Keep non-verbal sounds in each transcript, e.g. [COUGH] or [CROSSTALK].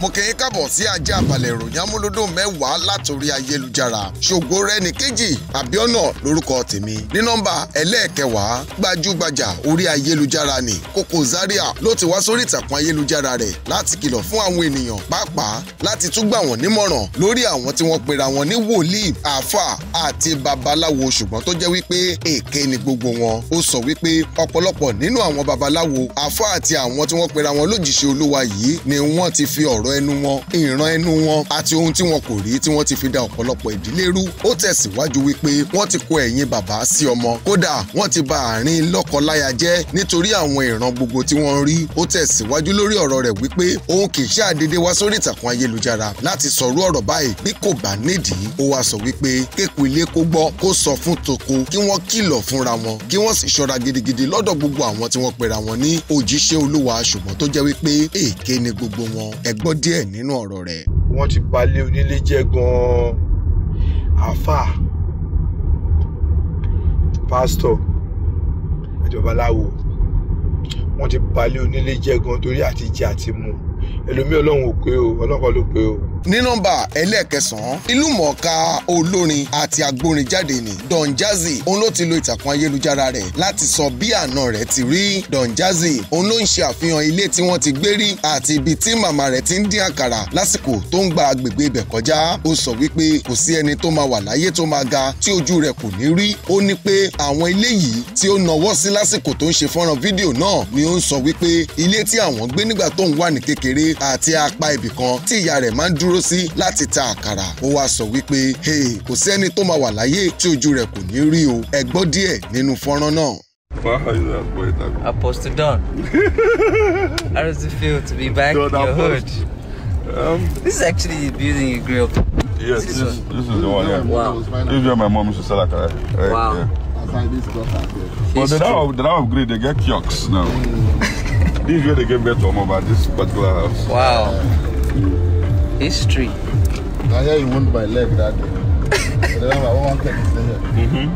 mo kì í kábọ̀ sí ajá balẹ̀ ìròyìn amúlódùn mẹ́wàá látòrí ayélujára ṣògo rẹni kejì àbíọ́nà lórúkọ tèmi ní nọ́mbà ẹlẹ́ẹ̀kẹwàá gbajúgbajà orí ayélujára ni Koko Zaria ló ti wá sórí ìtàkùn ayélujára rẹ̀ láti kìlọ̀ fún àwọn ènìyàn pàápàá láti tún gbà wọ́n nímọ̀ràn lórí àwọn tí wọ́n pera wọn ní wòlíì àáfà àti babaláwo ṣùgbọ́n tó jẹ́ wípé èké ni gbogbo wọn ó sọ wípé ọ̀pọ̀lọpọ̀ nínú àwọn babaláwo àáfà àti àwọn tí wọ́n pera wọn lójìṣẹ́ olúwa yìí ni wọ́n ti fi ọ̀rọ̀ ọ̀rọ̀ ẹnu wọn ìran ẹnu wọn àti ohun tí wọn kò rí tí wọ́n ti fi da ọ̀pọ̀lọpọ̀ ìdílé rú ó tẹ̀síwájú wípé wọ́n ti kó ẹ̀yìn bàbá sí ọmọ kódà wọ́n ti ba àárín lọ́kọláya jẹ́ nítorí àwọn ìran gbogbo tí wọ́n rí ó tẹ̀síwájú lórí ọ̀rọ̀ rẹ̀ wípé òun kì í ṣàdédé wá sórí ìtàkùn ayélujára láti sọ̀rọ̀ ọ̀rọ̀ báyìí bí kò bá nídìí ó wá sọ wípé kéku ilé kó gbọ́ kó sọ fún toko kí wọ́n kìlọ̀ fúnra wọn kí wọ́n sì ṣọ́ra gidigidi lọ́dọ̀ gbogbo àwọn tí wọ́n pera wọn ní òjíṣẹ́ olúwa ṣùgbọ́n tó jẹ́ wípé èké ni gbogbo wọn ẹ gbọ́ díẹ̀ nínú ọ̀rọ̀ rẹ̀. wọ́n ti balẹ̀ onílé jẹ́ gan-an àáfàá pásítọ̀ ìjọba aláwo wọ́n ti balẹ̀ onílé jẹ́ gan-an torí àti jẹ àti mu ẹlòmíì ọlọ́run ò pé o ọlọ́kọ̀ ló pé o ní nọ́mbà ẹlẹ́ẹ̀kẹsàn-án ìlúmọ̀ọ́ká olórin àti agbórinjáde ni Don Jazzy òun ló ti lo ìtàkùn ayélujára rẹ̀ láti sọ bí àna rẹ̀ ti rí Don Jazzy òun ló ń ṣe àfihàn ilé tí wọ́n ti gbé rí àti ibi tí màmá rẹ̀ ti ń dín àkàrà lásìkò tó ń gba agbègbè ibẹ̀ kọjá ó sọ wípé kò sí ẹni tó máa wà láyé tó máa ga tí ojú rẹ̀ kò ní rí ó ní pé àwọn ilé yìí tí ó nawọ́ sí lásìkò tó ń ṣe fọ́nrán fídíò náà ni ó ń sọ wípé ilé tí àwọn gbé nígbà tó ń wà ní kékeré àti apá ibìkan tí ìyá rẹ̀ máa ń dúró dúró sí láti ta àkàrà ó wá sọ wípé kò sí ẹni tó máa wà láyé tí ojú rẹ̀ kò ní rí o ẹ gbọ́ díẹ̀ nínú fọ́nrán náà. Apostle Don, [LAUGHS] how does it feel to be back Don, in your hood? Um, this is actually the building you grew up. Yes, this, this, this is the one. Yeah. Wow. This is where my mom used to sell akara. Right, wow. Yeah. But well, they don't, they don't upgrade. They get kiosks now. [LAUGHS] this is where they get better mom at this particular house. Wow. history. I hear you wound my leg that day. [LAUGHS] Mm-hmm.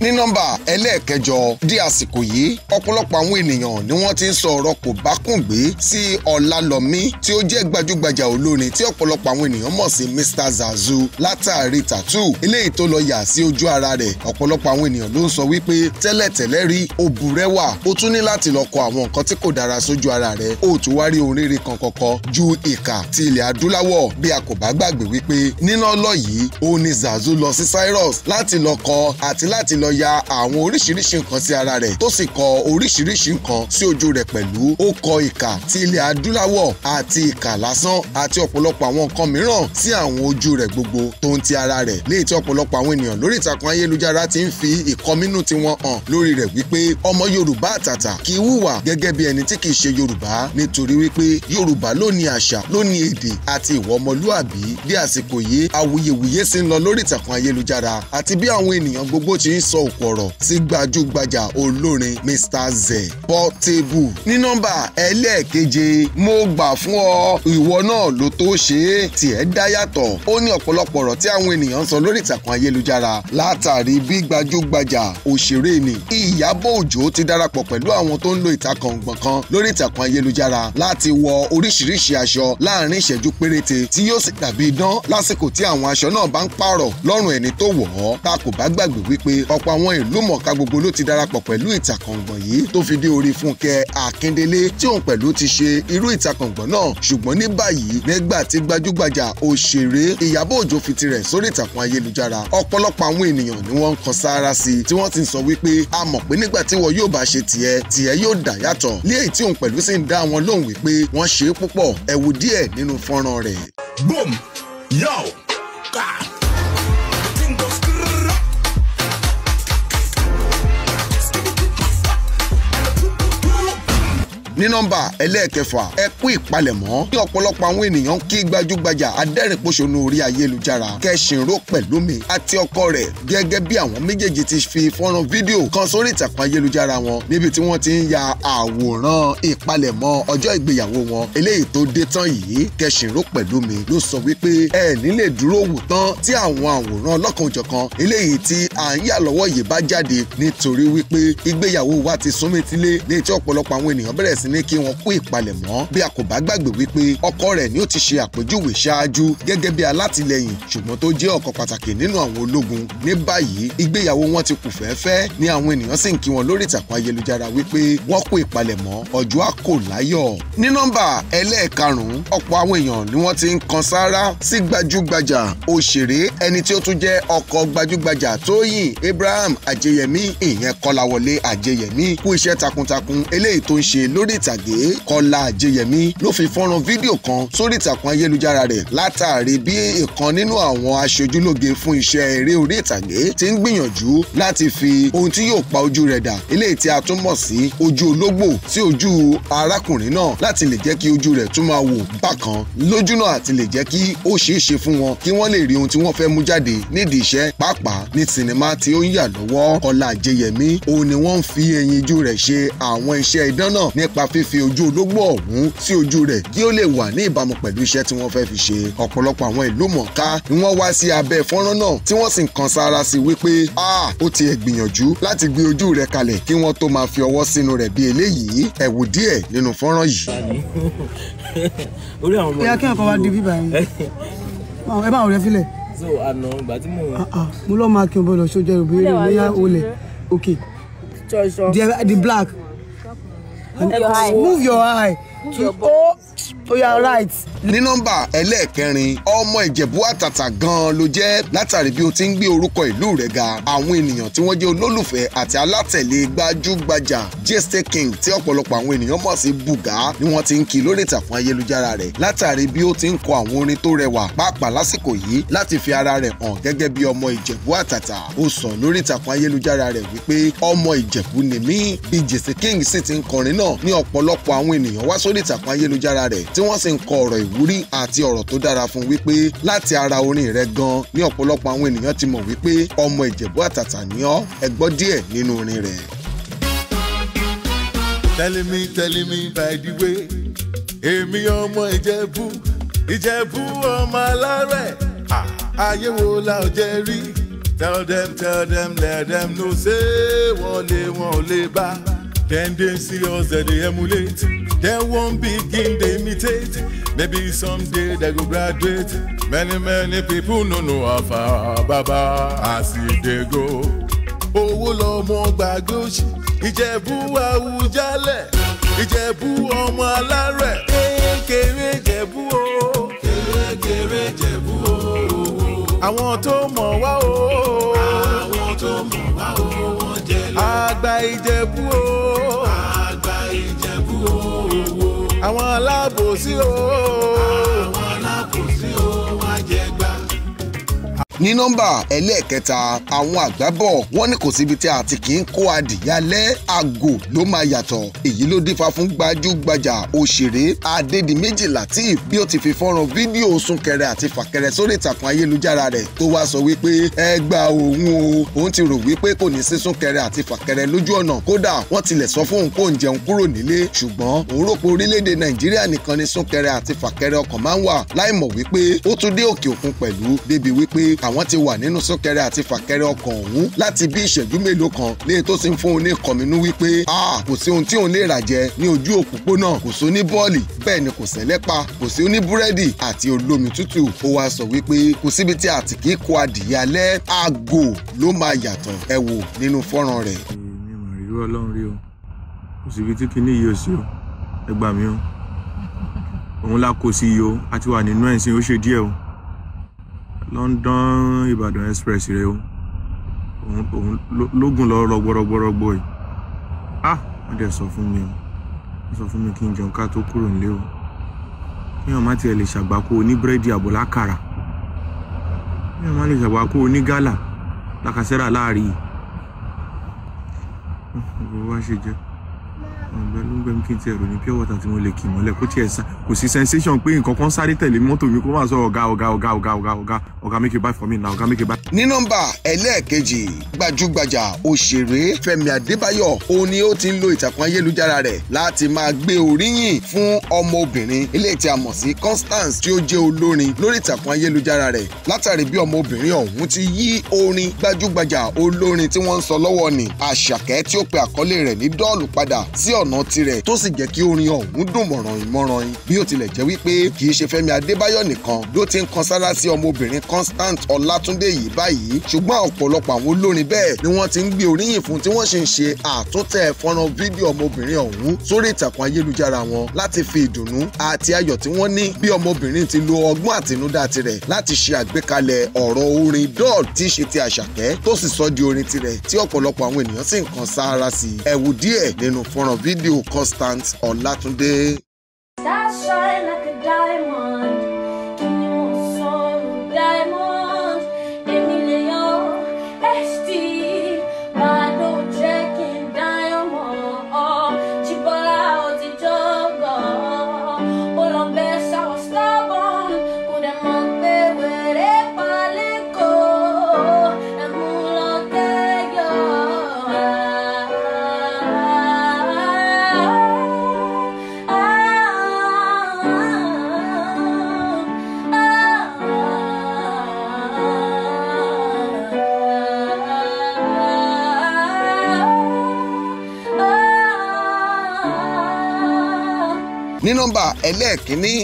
ní nọ́mbà ẹlẹ́ẹ̀kẹjọ di àsìkò yìí ọ̀pọ̀lọpọ̀ àwọn ènìyàn ni wọ́n ti ń sọ ọ̀rọ̀ kò bá kùn gbé sí ọ̀làlọ́mí tí ó jẹ́ gbajúgbajà olórin tí ọ̀pọ̀lọpọ̀ àwọn ènìyàn mọ̀ sí Mr Zazu látàrí tattoo eléyìí tó lọ yà sí ojú ara rẹ̀ ọ̀pọ̀lọpọ̀ àwọn ènìyàn ló ń sọ wípé tẹ́lẹ̀tẹ́lẹ̀ rí ó burẹ́wà ó tún ní láti lọ kọ àwọn nǹkan tí kò dára sójú ara rẹ̀ ó tún wá rí ohun rere kan kọ̀kọ́ ju ìkà ti ilẹ̀ adúláwọ̀ bí a kò bá gbàgbé wípé níná lọ yìí òun ni Zazu lọ sí Cyrus láti lọ kọ àti láti lọ ya àwọn oríṣiríṣi nǹkan sí ara rẹ̀ tó sì kọ oríṣiríṣi nǹkan sí ojú rẹ̀ pẹ̀lú ó kọ ìkà ti ilẹ̀ adúláwọ̀ àti ìkà lásán àti ọ̀pọ̀lọpọ̀ àwọn nǹkan mìíràn sí àwọn ojú rẹ̀ gbogbo tó ń ti ara rẹ̀ léyìí tí ọ̀pọ̀lọpọ̀ àwọn ènìyàn lórí ìtàkùn ayélujára ti ń fi ìkọminú tiwọn hàn lórí rẹ̀ wípé ọmọ Yorùbá àtàtà kì í hùwà gẹ́gẹ́ bí ẹni tí kì í ṣe Yorùbá nítorí wípé Yorùbá ló ní àṣà ló ní èdè àti ìwà bí àsìkò yìí awuyewuye sì ń lọ lórí ìtàkùn ayélujára àti bí àwọn ènìyàn gbogbo ti ń sọ òkú ọ̀rọ̀ sí gbajúgbajà olórin Mr. Z. Portable ní nọ́mbà ẹlẹ́ẹ̀keje mo gbà fún ọ ìwọ náà ló tó ṣe é tiẹ̀ dá yàtọ̀ ó ní ọ̀pọ̀lọpọ̀ ọ̀rọ̀ tí àwọn ènìyàn ń sọ lórí ìtàkùn ayélujára látàrí bí gbajúgbajà òṣèré ni Ìyábọ̀ Òjó ti darapọ̀ pẹ̀lú àwọn tó ń lo ìtàkùn gbọ̀ngàn lórí ìtàkùn ayélujára láti wọ oríṣiríṣi aṣọ láàrin ìṣẹ́jú péréte tí yóò sì dàbí idán lásìkò tí àwọn aṣọ náà bá pàǹpàrọ̀ lọ́rùn ẹni tó wọ̀ ọ́ tá kò bá gbàgbé wípé ọ̀pọ̀ àwọn ìlú mọ̀ọ́ká gbogbo ló ti darapọ̀ pẹ̀lú ìtàkàngbọ̀n yìí tó fi dé orí Fúnkẹ́ Akíndélé tí òun pẹ̀lú ti ṣe irú ìtàkàngbọ̀n náà ṣùgbọ́n ní báyìí nígbà tí gbajúgbajà òṣèré Ìyábọ̀ Òjó fi tirẹ̀ sórí ìtàkùn ayélujára ọ̀pọ̀lọpọ̀ àwọn ènìyàn ni wọ́n ń kan sáárá sí i tí wọ́n ti sọ wípé a mọ̀ pé nígbà tí wọn yóò bá ṣe tiẹ̀ tiẹ̀ yóò dà yàtọ̀ lé èyí tí òun pẹ̀lú sì ń dá wọn lóhùn wípé wọ́n ṣe é púpọ̀ ẹ díẹ̀ nínú fọ́nrán rẹ̀. boom yao kaa. ní nọ́mbà ẹlẹ́ẹ̀kẹfà ẹ kú ìpalẹ̀mọ́ ní ọ̀pọ̀lọpọ̀ àwọn ènìyàn kí gbajúgbajà adẹ́rìnpòṣónú orí ayélujára kẹ́sìnró pẹ̀lúmi àti ọkọ rẹ̀ gẹ́gẹ́ bí àwọn méjèèjì ti fi fọ́nrán fídíò kan sórí ìtàkùn ayélujára wọn níbi tí wọ́n ti ń ya àwòrán ìpalẹ̀mọ́ ọjọ́ ìgbéyàwó wọn eléyìí tó dé tán yìí kẹ́sìnró pẹ̀lúmi ló sọ wípé ẹ nílè dúró wò tán tí àwọn àwòrán ọlọ́kanòjọ̀kan eléyìí tí à ń yà lọ́wọ́ yìí bá jáde nítorí wípé ìgbéyàwó wa ti súnmẹ́tílé ní tí ní kí wọn kú ìpalẹ̀mọ́ bí a kò bá gbàgbé wípé ọkọ rẹ̀ ni ó ti ṣe àpèjúwe ṣáájú gẹ́gẹ́ bí alátìlẹyìn ṣùgbọ́n tó jẹ́ ọ̀kan pàtàkì nínú àwọn ológun ní báyìí ìgbéyàwó wọn ti kù fẹ́ẹ́fẹ́ ni àwọn ènìyàn sì ń kí wọn lórí ìtàkùn ayélujára wípé wọ́n kú ìpalẹ̀mọ́ ọjọ́ àkò láyọ̀ ní nọ́mbà ẹlẹ́ẹ̀karùn-ún ọ̀pọ̀ àwọn èèyàn ni wọ́n ti ń kan sáárá sí gbajúgbajà òṣèré ẹni tí ó tún jẹ́ ọkọ gbajúgbajà Tóyìn Abraham Ajayemi ìyẹn Kọ́láwọlé Ajẹyẹmí kú iṣẹ́ takuntakun eléyìí tó ń ṣe lórí ìtàgé Kọ́lá Àjẹyẹmí ló fi fọ́nrán fídíò kan sórí ìtàkùn ayélujára rẹ̀ látàrí bí ìkan nínú àwọn aṣojúlóge fún iṣẹ́ eré orí ìtàgé ti ń gbìyànjú láti fi ohun tí yóò pa ojú rẹ̀ dà eléyìí tí a tún mọ̀ sí ojú ológbò sí ojú arákùnrin náà láti lè jẹ́ kí ojú rẹ̀ tún máa wò bákan lójúnà àti lè jẹ́ kí ó ṣeé ṣe fún wọn kí wọ́n lè rí ohun tí wọ́n fẹ́ mú jáde nídìí iṣẹ́ pàápàá ní sinimá tí ó ń yà lọ́wọ́ Kọ́lá Àjẹyẹmí òun ni wọ́n ń fi ẹyinjú rẹ̀ ṣe àwọn iṣẹ́ idán náà nípa nípa fífi ojú ológbò ọ̀hún sí ojú rẹ̀ kí ó lè wà ní ìbámu pẹ̀lú iṣẹ́ tí wọ́n fẹ́ fi ṣe ọ̀pọ̀lọpọ̀ àwọn ìlú mọ̀ọ́ká ni wọ́n wá sí abẹ́ fọ́nrán náà tí wọ́n sì ń sára sí wípé a ó ti ẹ̀ gbìyànjú láti gbé ojú rẹ̀ kalẹ̀ kí wọ́n tó máa fi ọwọ́ sínú rẹ̀ bí eléyìí ẹ wò díẹ̀ nínú fọ́nrán yìí. ìyá kí ọkọ wa di bíbá yẹn ẹ bá ah, ah, the black Move your eye. Move your eye. Move your oh, oh, you right ní nọ́mbà ẹlẹ́ẹ̀kẹrin ọmọ ìjẹ̀bú àtàtà gan-an ló jẹ́ látàrí bí o ti ń gbé orúkọ ìlú rẹ̀ ga àwọn ènìyàn tí wọ́n jẹ́ olólùfẹ́ àti alátẹ̀lé gbajúgbajà gst king tí ọ̀pọ̀lọpọ̀ àwọn ènìyàn mọ̀ sí bùgá ni wọ́n ti ń kí lórí ìtàkùn ayélujára rẹ̀ látàrí bí ó ti ń kọ àwọn orin tó rẹwà pàápàá lásìkò yìí láti fi ara rẹ̀ hàn gẹ́gẹ́ bí ọmọ ìjẹ̀bú àtàtà ó sọ lórí ìtàkùn ayélujára rẹ̀ wípé ọmọ ìjẹ̀bú ni mí bí gst king sì ti ń kọrin náà ní ọ̀pọ̀lọpọ̀ àwọn ènìyàn wá sórí ìtàkùn ayélujára rẹ̀ tí wọ́n sì ń kọ ọ̀rọ̀ ìw ìwúrí àti ọ̀rọ̀ tó dára fún wípé láti ara orin rẹ̀ gan ni ọ̀pọ̀lọpọ̀ àwọn ènìyàn ti mọ̀ wípé ọmọ ìjẹ̀bú àtàtà ni ọ́ ẹ gbọ́ díẹ̀ nínú orin rẹ̀. telling me telling me by the way èmi ọmọ ìjẹ̀bú ìjẹ̀bú ọmọ alárẹ̀ ayé wo la ò jẹ́ rí tell them tell them let them know say wọ́n lé wọ́n ò lè bá. Them they serious that they emulate. They won't begin they imitate. Maybe someday they go graduate. Many many people no know how far Baba I see they go. Owó lọmọ Ijebu òṣì, Ìjẹ̀bú Ijebu Ìjẹ̀bú ọmọ alárẹ̀, kékeré Ìjẹ̀bú o, kékeré Ìjẹ̀bú o. want tó mọ̀ wá o. Àwọn tó mọ̀ wá o, àgbà ìjẹ̀bú o àgbà ìjẹ̀bú o àwọn alábòsí o. ní nọ́mbà ẹlẹ́ẹ̀kẹta àwọn àgbà bọ̀ wọ́n ní kò síbi tí a ti kì í kó adìyálẹ́ àgò ló máa yàtọ̀ èyí ló dífá fún gbajúgbajà òṣèré Adédìméjì Lateef bí ó ti fi fọ́nrán fídíò súnkẹrẹ àti fàkẹrẹ sórí ìtàkùn ayélujára rẹ̀ tó wá sọ wípé ẹ gba òun o òun ti rò wípé kò ní sí súnkẹrẹ àti fàkẹrẹ lójú ọ̀nà kódà wọ́n tilẹ̀ sọ fún òun kó ń jẹun kúrò nílé ṣùgbọ́n òun rò pé orílẹ̀-èdè Nàìjíríà nìkan ni súnkẹrẹ àti fàkẹrẹ ọkọ̀ máa ń wà láìmọ̀ wípé ó tún dé òkè òkun pẹ̀lú débi wípé à àwọn ti wà nínú súnkẹrẹ àti fàkẹrẹ ọkọ̀ ọ̀hún láti bí ìṣẹ́jú mélòó kan ní ètò sì ń fún un ní kọ̀mínú wípé a kò sí ohun tí òun lè rà jẹ ní ojú òpópónà kò sí oní bọ́ọ̀lì bẹ́ẹ̀ ni kò sẹ́lẹ́pa kò sí oní búrẹ́dì àti olómi tútù ó wáá sọ wípé kò síbi tí àtìkí kó adìyẹ alẹ́ aago ló máa yàtọ̀ ẹ wò nínú fọ́nrán rẹ̀. èmi mọ̀ rí ọlọ́run rí o kò síbi tí kinní yìí ò sí o ẹ gbà mí o òun la kò sí yìí o a ti wà nínú ẹ̀sìn ó ṣe díẹ̀ o. London Ìbàdàn express rẹ o òun lógun lọ rọgbọrọgbọrọgbọ yìí ah wọ́n dẹ̀ sọ fún mi o wọ́n sọ fún mi kí n jẹun ká tó kúrò nílé o kíyàn má tiẹ̀ lè ṣàgbákò oní búrẹ́dì àbò lákàrà kíyàn má lè ṣàgbákò oní gálà làkàṣẹ́rà láàrí yìí ọ̀rọ̀ wá ṣe jẹ́ ọ̀gbẹ́ ló ń gbẹ́mí kí n tiẹ̀ rò ní pure water tí mo lè kì mọ́lẹ̀ kó tiẹ̀ sá kò sí sensation pé nǹkan kan sáré tẹ̀lé mọ́tò mi kó má sọ ọ̀gá ọ̀gá ọ̀gá ọ̀gá ọ̀gá ọ̀gá oga make you buy for me now oga make you buy. ní nọ́mbà ẹlẹ́ẹ̀kejì gbajúgbajà òṣèré Fẹ́mi Adébáyọ̀ òun ni ó ti ń lo ìtàkùn ayélujára rẹ̀ láti máa gbé oríyìn fún ọmọbìnrin ilé tí a mọ̀ sí Constance tí ó jẹ́ olórin lórí ìtàkùn ayélujára rẹ̀ látàrí bí ọmọbìnrin ọ̀hún ti yí orin gbajúgbajà olórin tí wọ́n ń sọ lọ́wọ́ ni Àṣàkẹ́ tí ó pe àkọlé rẹ̀ ní dọ́ọ̀lù padà sí ọ̀nà tirẹ̀ tó sì jẹ́ kí orin ọ̀hún dùn mọ̀ràn ìmọ̀ràn bí ó tilẹ̀ jẹ́ wípé kì í ṣe Fẹ́mi Adébáyọ̀ nìkan ló ti ń kan sára sí ọmọbìnrin Constant Ọlátúndé yìí báyìí ṣùgbọ́n ọ̀pọ̀lọpọ̀ àwọn olórin bẹ́ẹ̀ ni wọ́n ti ń gbé oríyìn fún tí wọ́n ṣe ń ṣe àtúntẹ̀ fọ́nrán fídíò ọmọbìnrin ọ̀hún sórí ìtàkùn ayélujára wọn láti fi ìdùnnú àti ayọ̀ tí wọ́n ní bí ọmọbìnrin ti lo ọgbọ́n àtinúdá tirẹ̀ láti ṣe àgbékalẹ̀ ọ̀rọ̀ orin dọ́ọ̀l tí í ṣe ti àṣàkẹ́ tó sì sọ di orin tirẹ̀ tí ọ̀pọ̀lọpọ̀ àwọn ènìyàn sì ń kan sáárá sí ẹ wò díẹ̀ nínú fọ́nrán fídíò Constant Ọlátúndé. ní nọ́mbà ẹlẹ́ẹ̀kínní.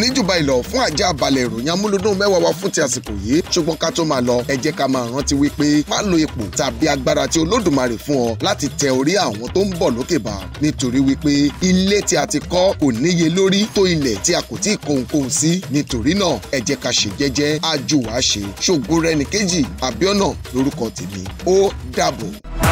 ní jù fún àjẹ́ àbálẹ̀ ìròyìn amúlùdùn mẹ́wàá wa fún ti àsìkò yìí ṣùgbọ́n ká tó máa lọ ẹ jẹ́ ká máa rántí wípé má lo ipò tàbí agbára tí olódùmarè fún ọ láti tẹ orí àwọn tó ń bọ̀ lókè bá nítorí wípé ilé tí a ti kọ́ kò níye lórí tó ilẹ̀ tí a kò tí ì kó ohunkóhun sí nítorí náà ẹ jẹ́ ká ṣe jẹ́jẹ́ ajú wàá ṣe ṣògo rẹ̀ nìkejì àbíọ́nà lórúkọ tèmi ó dàbọ̀.